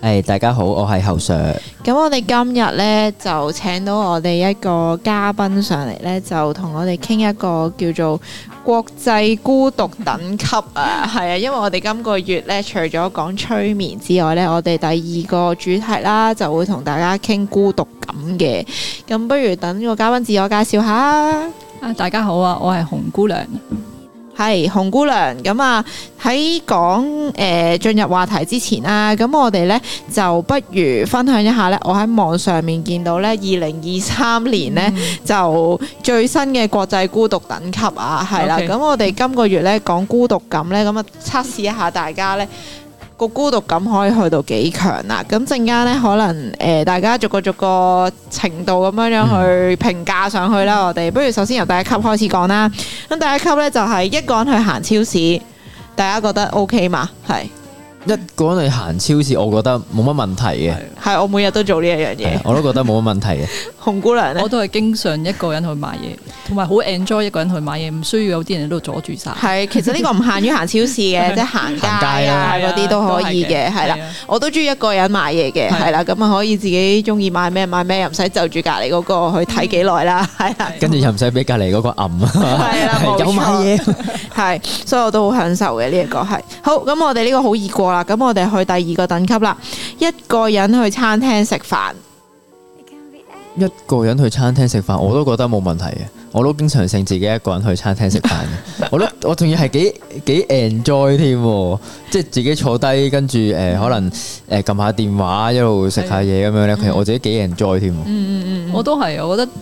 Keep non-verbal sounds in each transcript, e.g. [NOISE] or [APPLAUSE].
誒，hey, 大家好，我係侯尚。咁我哋今日呢，就請到我哋一個嘉賓上嚟呢，就同我哋傾一個叫做國際孤獨等級啊，係啊，因為我哋今個月呢，除咗講催眠之外呢，我哋第二個主題啦，就會同大家傾孤獨感嘅。咁不如等個嘉賓自我介紹下啊！大家好啊，我係紅姑娘。係紅姑娘咁啊，喺講誒進入話題之前啊，咁我哋咧就不如分享一下咧，我喺網上面見到咧，二零二三年咧就最新嘅國際孤獨等級啊，係啦，咁 Okay. 我哋今個月咧講孤獨感咧，咁啊測試一下大家咧。 [LAUGHS] 個孤獨感可以去到幾強啦，咁陣間呢，可能誒、呃、大家逐個逐個程度咁樣樣去評價上去啦。我哋不如首先由第一級開始講啦。咁第一級呢，就係、是、一個人去行超市，大家覺得 OK 嘛？係。一個人去行超市，我覺得冇乜問題嘅。係，我每日都做呢一樣嘢，我都覺得冇乜問題嘅。紅姑娘咧，我都係經常一個人去買嘢，同埋好 enjoy 一個人去買嘢，唔需要有啲人喺度阻住晒。係，其實呢個唔限於行超市嘅，即係行街啊嗰啲都可以嘅，係啦。我都中意一個人買嘢嘅，係啦，咁啊可以自己中意買咩買咩，又唔使就住隔籬嗰個去睇幾耐啦，係啦。跟住又唔使俾隔籬嗰個暗啊，係啦，有買嘢，係，所以我都好享受嘅呢一個係。好，咁我哋呢個好易過。咁我哋去第二個等級啦。一個人去餐廳食飯，一個人去餐廳食飯，我都覺得冇問題嘅。我都經常性自己一個人去餐廳食飯嘅，我覺得我仲要係幾幾 enjoy 添，即係自己坐低跟住誒可能誒撳下電話一路食下嘢咁樣咧，其實我自己幾 enjoy 添。嗯嗯嗯，我都係，我覺得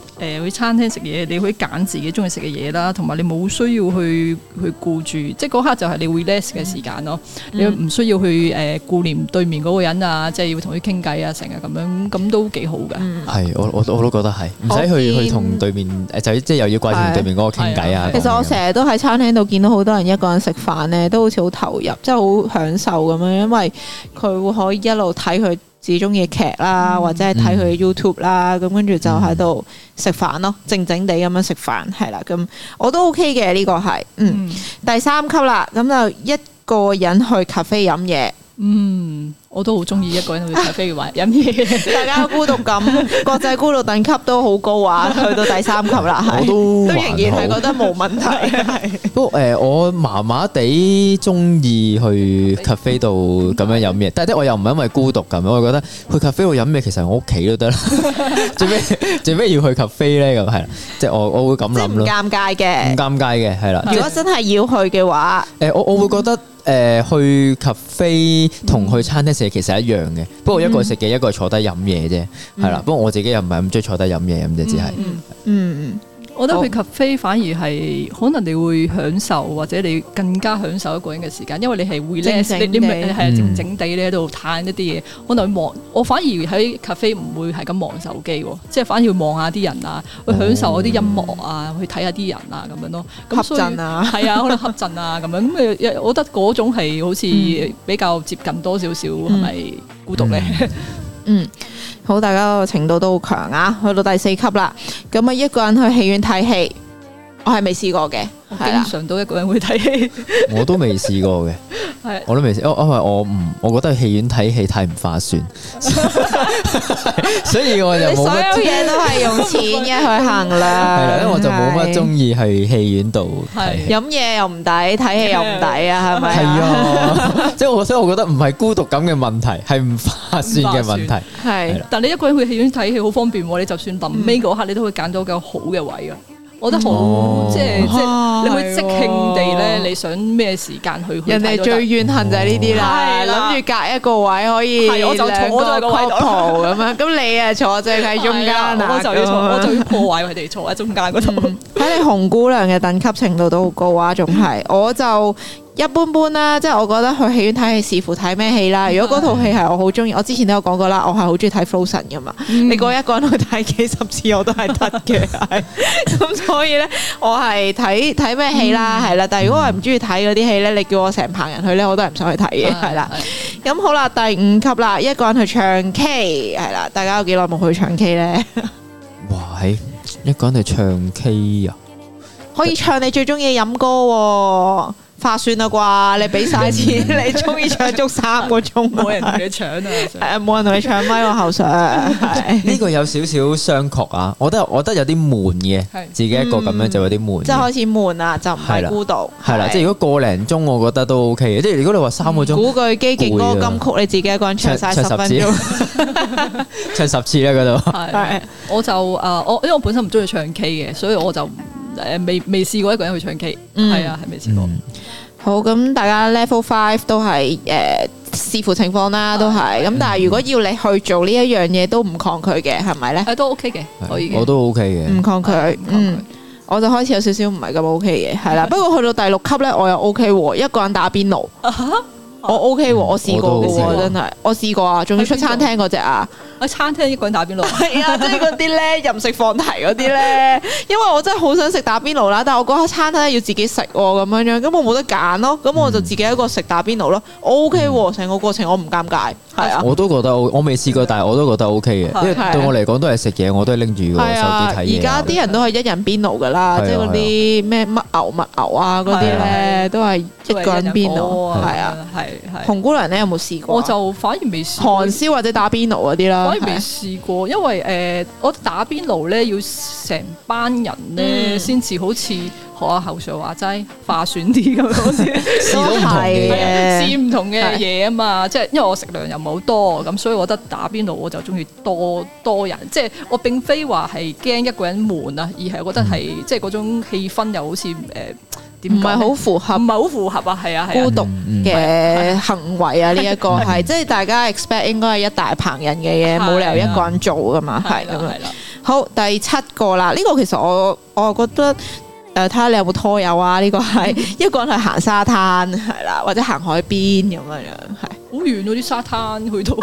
誒去餐廳食嘢，你可以揀自己中意食嘅嘢啦，同埋你冇需要去去顧住，即係嗰刻就係你 relax 嘅時間咯，你唔需要去誒顧念對面嗰個人啊，即係要同佢傾偈啊，成日咁樣咁都幾好㗎。係，我我我都覺得係，唔使去去同對面誒就即即。又要掛住對面嗰個傾偈啊！其實我成日都喺餐廳度見到好多人一個人食飯咧，都好似好投入，即係好享受咁樣，因為佢會可以一路睇佢自己鍾意劇啦，嗯、或者係睇佢 YouTube 啦、嗯，咁跟住就喺度食飯咯，嗯、靜靜地咁樣食飯，係啦，咁我都 OK 嘅呢、呢個係，嗯，嗯第三級啦，咁就一個人去咖啡飲嘢。嗯，我都好中意一個人去咖啡度飲嘢，大家孤獨感，國際孤獨等級都好高啊，去到第三級啦，我都仍然係覺得冇問題。不過誒，我麻麻地中意去咖啡度咁樣飲嘢，但係我又唔係因為孤獨咁，我就覺得去咖啡度飲嘢，其實我屋企都得啦，做咩做咩要去咖啡咧？咁係即係我我會咁諗咯，尷尬嘅，唔尷尬嘅係啦。如果真係要去嘅話，誒，我我會覺得。誒、呃、去 cafe 同去餐廳食其實一樣嘅，嗯、不過一個食嘅，嗯、一個坐低飲嘢啫，係啦。不過我自己又唔係咁中意坐低飲嘢咁啫，嗯、只係是。嗯嗯。對了 嗯嗯我覺得去 cafe 反而係可能你會享受或者你更加享受一個人嘅時間，因為你係會靜靜地係靜靜地咧度嘆一啲嘢，可能望我反而喺 cafe 唔會係咁望手機喎，即係反而會望下啲人啊，去享受嗰啲音樂啊，去睇下啲人啊咁樣咯。咁所以係啊，可能黑陣啊咁樣咁我覺得嗰種係好似比較接近多少少係咪、嗯、孤獨呢？嗯。嗯好，大家個程度都好強啊！去到第四級啦，咁啊一個人去戲院睇戲，我係未試過嘅，經常都一個人去睇戲， [LAUGHS] 我都未試過嘅。我都未食，我因為我唔，我覺得去戲院睇戲太唔化算，所以我就冇乜。所有嘢都係用錢嘅去衡量，係啦，因為我就冇乜中意去戲院度睇，飲嘢又唔抵，睇戲又唔抵啊，係咪？係啊，即係我即係我覺得唔係孤獨感嘅問題，係唔化算嘅問題。係，但你一個人去戲院睇戲好方便，你就算臨尾嗰刻你都會揀到個好嘅位啊。我覺得好，哦、即係即係，你會即興地咧，你想咩時間去，去？人哋最怨恨就係呢啲啦，諗住、哦、隔一個位可以，係我就坐，坐，那個，我就個位，我坐咁樣。咁你啊坐正喺中間我就要坐，我就要破壞佢哋坐喺中間嗰度。喺、嗯、你紅姑娘嘅等級程度都好高啊，仲係我就。一般般啦，即係我覺得去戲院睇戲，視乎睇咩戲啦。如果嗰套戲係我好中意，我之前都有講過啦，我係好中意睇 Frozen 噶嘛。嗯、你過一個人去睇幾十次，我都係得嘅，係咁。所以咧，我係睇睇咩戲啦，係啦、嗯。但係如果我唔中意睇嗰啲戲咧，你叫我成棚人去咧，我都係唔想去睇嘅，係啦、嗯。咁好啦，第五級啦，一個人去唱 K 係啦，大家有幾耐冇去唱 K 咧？哇，一個人去唱 K 啊？可以唱你最中意嘅飲歌、哦。發算啦啩，你俾晒錢，你中意唱足三個鐘，冇人同你搶啊！冇人同你搶咪我後生。呢個有少少商榷啊，我覺得我覺得有啲悶嘅，自己一個咁樣就有啲悶。即係開始悶啦，就唔係孤獨。係啦，即係如果個零鐘，我覺得都 OK 嘅。即係如果你話三個鐘，古巨基勁歌金曲，你自己一個人唱晒十分鐘，唱十次啦嗰度。我就誒，我因為我本身唔中意唱 K 嘅，所以我就。誒，未未試過一個人去唱 K，係啊，係未試過。好咁，大家 level five 都係誒視乎情況啦，都係。咁但係如果要你去做呢一樣嘢，都唔抗拒嘅，係咪咧？都 OK 嘅，我都 OK 嘅，唔抗拒。嗯，我就開始有少少唔係咁 OK 嘅，係啦。不過去到第六級咧，我又 OK 喎，一個人打邊爐，我 OK 喎，我試過嘅，真係，我試過啊，仲要出餐廳嗰隻啊。我餐廳一個人打邊爐，係啊，即係嗰啲咧，任食放題嗰啲咧，因為我真係好想食打邊爐啦，但係我覺得餐廳要自己食咁樣樣，咁我冇得揀咯，咁我就自己一個食打邊爐咯，OK 喎，成個過程我唔尷尬，係啊，我都覺得我未試過，但係我都覺得 OK 嘅，因為對我嚟講都係食嘢，我都係拎住個手指睇。而家啲人都係一人邊爐噶啦，即係嗰啲咩乜牛乜牛啊嗰啲咧，都係一個人邊爐，係啊，係紅姑娘咧，有冇試過？我就反而未試韓燒或者打邊爐嗰啲啦。我未試過，因為誒、呃，我打邊爐咧要成班人咧，先至好似學下後 sir 話齋化算啲咁多先， [LAUGHS] 是 [LAUGHS] 試唔同嘅唔同嘅嘢啊嘛！即係的的因為我食量又唔好多，咁所以我覺得打邊爐我就中意多多人，即、就、係、是、我並非話係驚一個人悶啊，而係我覺得係即係嗰種氣氛又好似誒。呃唔係好符合，唔係好符合啊！係啊，孤獨嘅行為啊，呢、這、一個係， [LAUGHS] 即係大家 expect 應該係一大棚人嘅嘢，冇 [LAUGHS] 理由一個人做噶嘛，係咁樣。好，第七個啦，呢、這個其實我我覺得，誒睇下你有冇拖友啊？呢、這個係 [LAUGHS] 一個人去行沙灘係啦，或者行海邊咁樣樣，係好遠嗰啲沙灘去到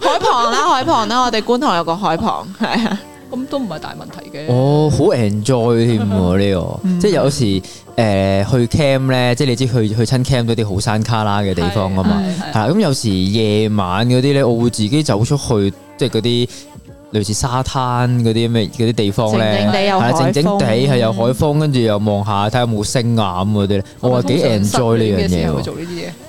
海旁啦，海旁啦，我哋觀塘有個海旁，係啊。咁都唔係大問題嘅、哦，我好 enjoy 添喎呢個， [LAUGHS] 即係有時誒、呃、去 camp 咧，即係你知去去親 camp 都啲好山卡拉嘅地方啊嘛，係咁有時夜晚嗰啲咧，我會自己走出去，即係嗰啲類似沙灘嗰啲咩嗰啲地方咧，係啊是，靜靜地係有海風，跟住、嗯、又望下睇下有冇星眼嗰啲咧， [LAUGHS] 我話幾 enjoy 呢樣嘢。誒，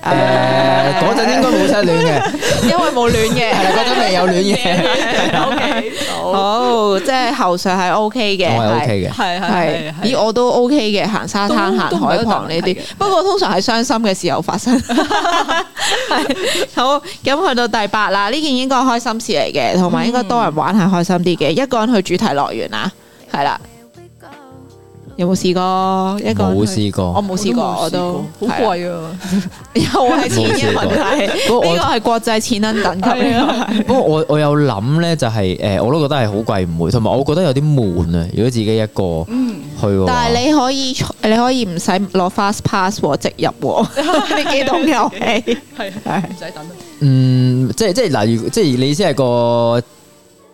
嗰陣應該冇失戀嘅，因為冇戀嘅，係嗰陣未有戀嘅。O K，好，即係後上係 O K 嘅，係 O K 嘅，係係係，咦，我都 O K 嘅，行沙灘、行海旁呢啲，不過通常係傷心嘅時候發生。係好，咁去到第八啦，呢件應該開心事嚟嘅，同埋應該多人玩係開心啲嘅，一個人去主題樂園啊，係啦。有冇試過？一個，我冇試過，我冇試過，我都好貴啊！又係錢嘅問題，呢個係國際錢等級。不過我我有諗咧，就係誒，我都覺得係好貴，唔會。同埋我覺得有啲悶啊，如果自己一個去。但係你可以，你可以唔使落 Fast Pass 和直入呢幾檔遊戲，係係唔使等。嗯，即係即係，例如即係你意思係個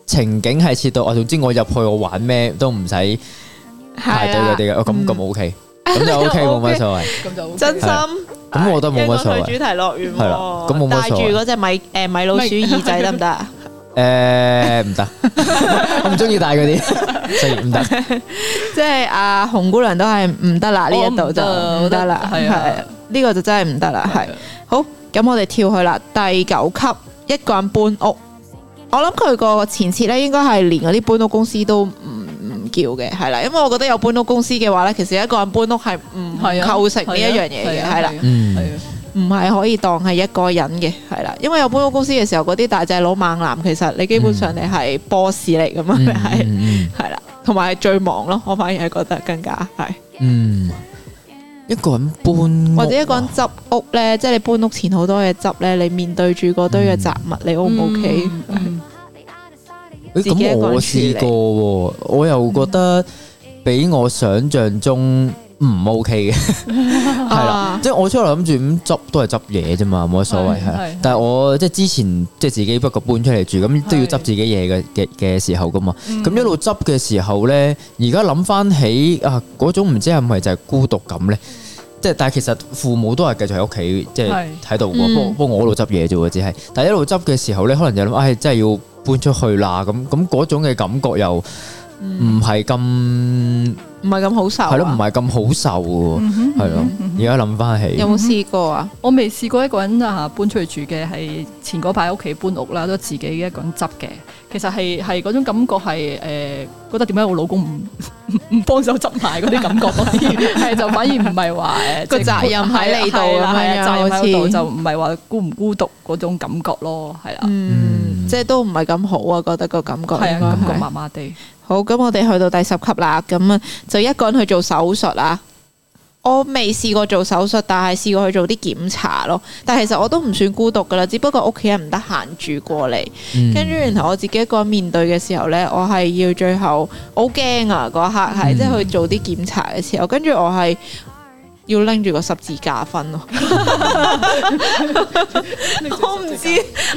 情景係設到，我總之我入去我玩咩都唔使。排隊嗰啲嘅，咁咁 OK，咁就 OK，冇乜所謂。咁就真心，咁我覺得冇乜所謂。主題樂園係啦，咁冇乜所謂。戴住嗰隻米誒米老鼠耳仔得唔得？誒，唔得，我唔中意戴嗰啲，唔得。即係阿紅姑娘都係唔得啦，呢一度就唔得啦，係係，呢個就真係唔得啦。係好，咁我哋跳去啦，第九級，一個人搬屋。我諗佢個前設咧，應該係連嗰啲搬屋公司都唔。叫嘅係啦，因為我覺得有搬屋公司嘅話咧，其實一個人搬屋係唔構成呢一樣嘢嘅，係啦，唔係可以當係一個人嘅，係啦，因為有搬屋公司嘅時候，嗰啲大隻佬猛男，其實你基本上你係 boss 嚟噶嘛，係係啦，同埋最忙咯。我反而係覺得更加係，嗯，一個人搬或者一個人執屋咧，即係你搬屋前好多嘢執咧，你面對住嗰堆嘅雜物，你 O 唔 OK？咁、哎、我試過，我又覺得比我想象中唔 OK 嘅，係、 [LAUGHS] [LAUGHS] 啊、啦，即係我初頭諗住咁執都係執嘢啫嘛，冇乜所謂係。但係我即係之前即係自己不過搬出嚟住，咁都要執自己嘢嘅嘅嘅時候噶嘛。咁一路執嘅時候咧，而家諗翻起啊，嗰種唔知係咪就係孤獨感咧？即係但係其實父母都係繼續喺屋企，即係喺度。不過不過我嗰度執嘢啫，只係但係一路執嘅時候咧，可能就諗係、哎、真係要。要搬出去啦，咁咁嗰種嘅感覺又唔係咁，唔係咁好受，啊，係咯，唔係咁好受喎，係咯。而家諗翻起，有冇試過啊？我未試過一個人啊搬出去住嘅，係前嗰排屋企搬屋啦，都自己一個人執嘅。其實係係嗰種感覺係誒，覺得點解我老公唔唔幫手執埋嗰啲感覺嗰啲，係就反而唔係話誒個責任喺你度咁樣，就唔係話孤唔孤獨嗰種感覺咯，係啦，即係都唔係咁好啊，覺得個感覺，感覺麻麻地。好，咁我哋去到第十級啦，咁啊就一個人去做手術啦。我未試過做手術，但係試過去做啲檢查咯。但係其實我都唔算孤獨噶啦，只不過屋企人唔得閒住過嚟。跟住、嗯、然後我自己一個人面對嘅時候咧，我係要最後好驚啊！嗰一刻係即係去做啲檢查嘅時候，跟住我係要拎住個十字架瞓咯。我唔知，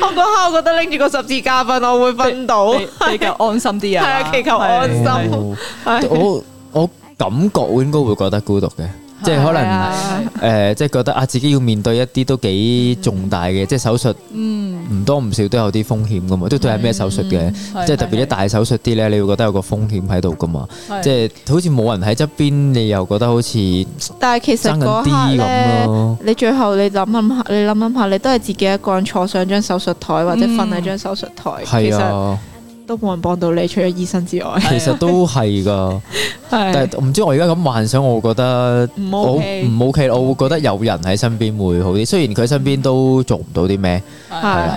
我嗰刻我覺得拎住個十字架瞓，我會瞓到，祈求安心啲啊！係啊是，祈求安心。我我感覺我應該會覺得孤獨嘅。即係可能誒，即係覺得啊，自己要面對一啲都幾重大嘅，即係手術，唔多唔少都有啲風險㗎嘛。都對係咩手術嘅？即係特別啲大手術啲咧，你會覺得有個風險喺度㗎嘛。即係好似冇人喺側邊，你又覺得好似但係其實咁咯。你最後你諗諗下，你諗諗下，你都係自己一個人坐上張手術台，或者瞓喺張手術台。係啊。都冇人幫到你，除咗醫生之外，其實都係㗎。但係唔知我而家咁幻想，我會覺得唔 OK 唔 OK，我會覺得有人喺身邊會好啲。雖然佢身邊都做唔到啲咩，係的。了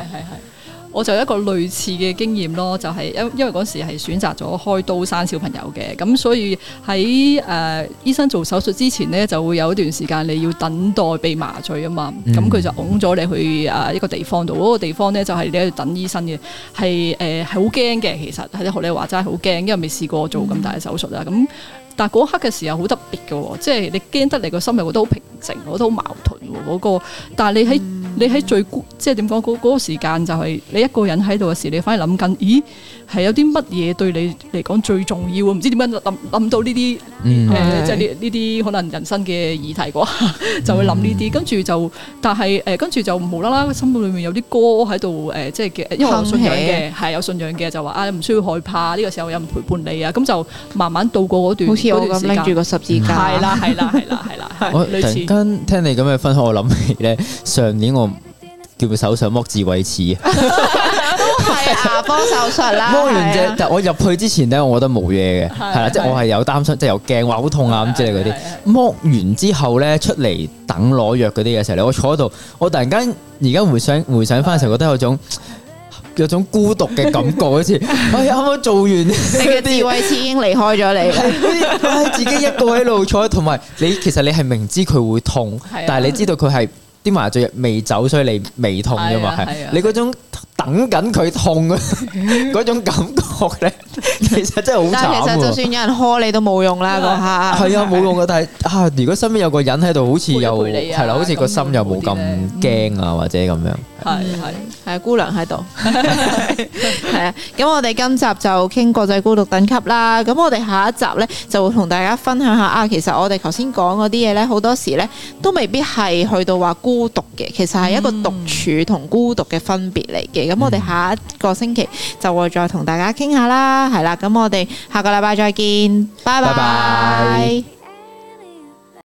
我就一個類似嘅經驗咯，就係、是、因因為嗰時係選擇咗開刀生小朋友嘅，咁所以喺誒、呃、醫生做手術之前呢，就會有一段時間你要等待被麻醉啊嘛，咁佢、嗯、就拱咗你去誒、呃、一個地方度，嗰、那個地方呢就係你喺度等醫生嘅，係誒好驚嘅，其實係你學你話齋好驚，因為未試過做咁大嘅手術啊，咁、嗯、但嗰刻嘅時候好特別嘅喎，即係你驚得你個心又覺得好平靜，覺得好矛盾喎，嗰、那個，但係你喺、嗯。你喺最即係點講嗰嗰個時間就係你一個人喺度嘅時，你反而諗緊，咦係有啲乜嘢對你嚟講最重要啊？唔知點樣諗諗到呢啲誒，即係呢啲可能人生嘅議題啩，就會諗呢啲，跟住就但係誒，跟住就無啦啦心裏面有啲歌喺度誒，即係嘅，因為有信仰嘅係有信仰嘅，就話啊唔需要害怕，呢個時候有人陪伴你啊，咁就慢慢度過嗰段嗰段時間，拎住個十字架，係啦係啦係啦係啦。我突然間聽你咁樣分開，我諗起咧上年我叫佢手上剝智慧齒啊，都係牙科手術啦。剝完隻，啊、我入去之前咧，我覺得冇嘢嘅，係啦、啊啊，即係我係有擔心，即係有驚話好痛啊咁、啊、之類嗰啲。剝、啊、完之後咧，出嚟等攞藥嗰啲嘅時候咧，我坐喺度，我突然間而家回想回想翻嘅時候，覺得有種。有種孤獨嘅感覺，好似哎呀啱啱做完，你嘅智慧齒已經離開咗你， [LAUGHS] 自己一個喺度坐，同埋你其實你係明知佢會痛，是啊、但係你知道佢係啲麻醉藥未走，所以你未痛㗎嘛，係你嗰種。等緊佢痛嗰嗰種感覺咧，其實真係好慘。但其實就算有人呵你都冇用啦，嗰下係啊，冇用嘅。但係啊，如果身邊有個人喺度，好似又係啦，好似個心又冇咁驚啊，或者咁樣。係係係，姑娘喺度。係啊，咁我哋今集就傾國際孤獨等級啦。咁我哋下一集咧，就同大家分享下啊。其實我哋頭先講嗰啲嘢咧，好多時咧都未必係去到話孤獨嘅。其實係一個獨處同孤獨嘅分別嚟嘅。咁我哋下一個星期就會再同大家傾下啦，係啦，咁我哋下個禮拜再見，拜拜。Bye bye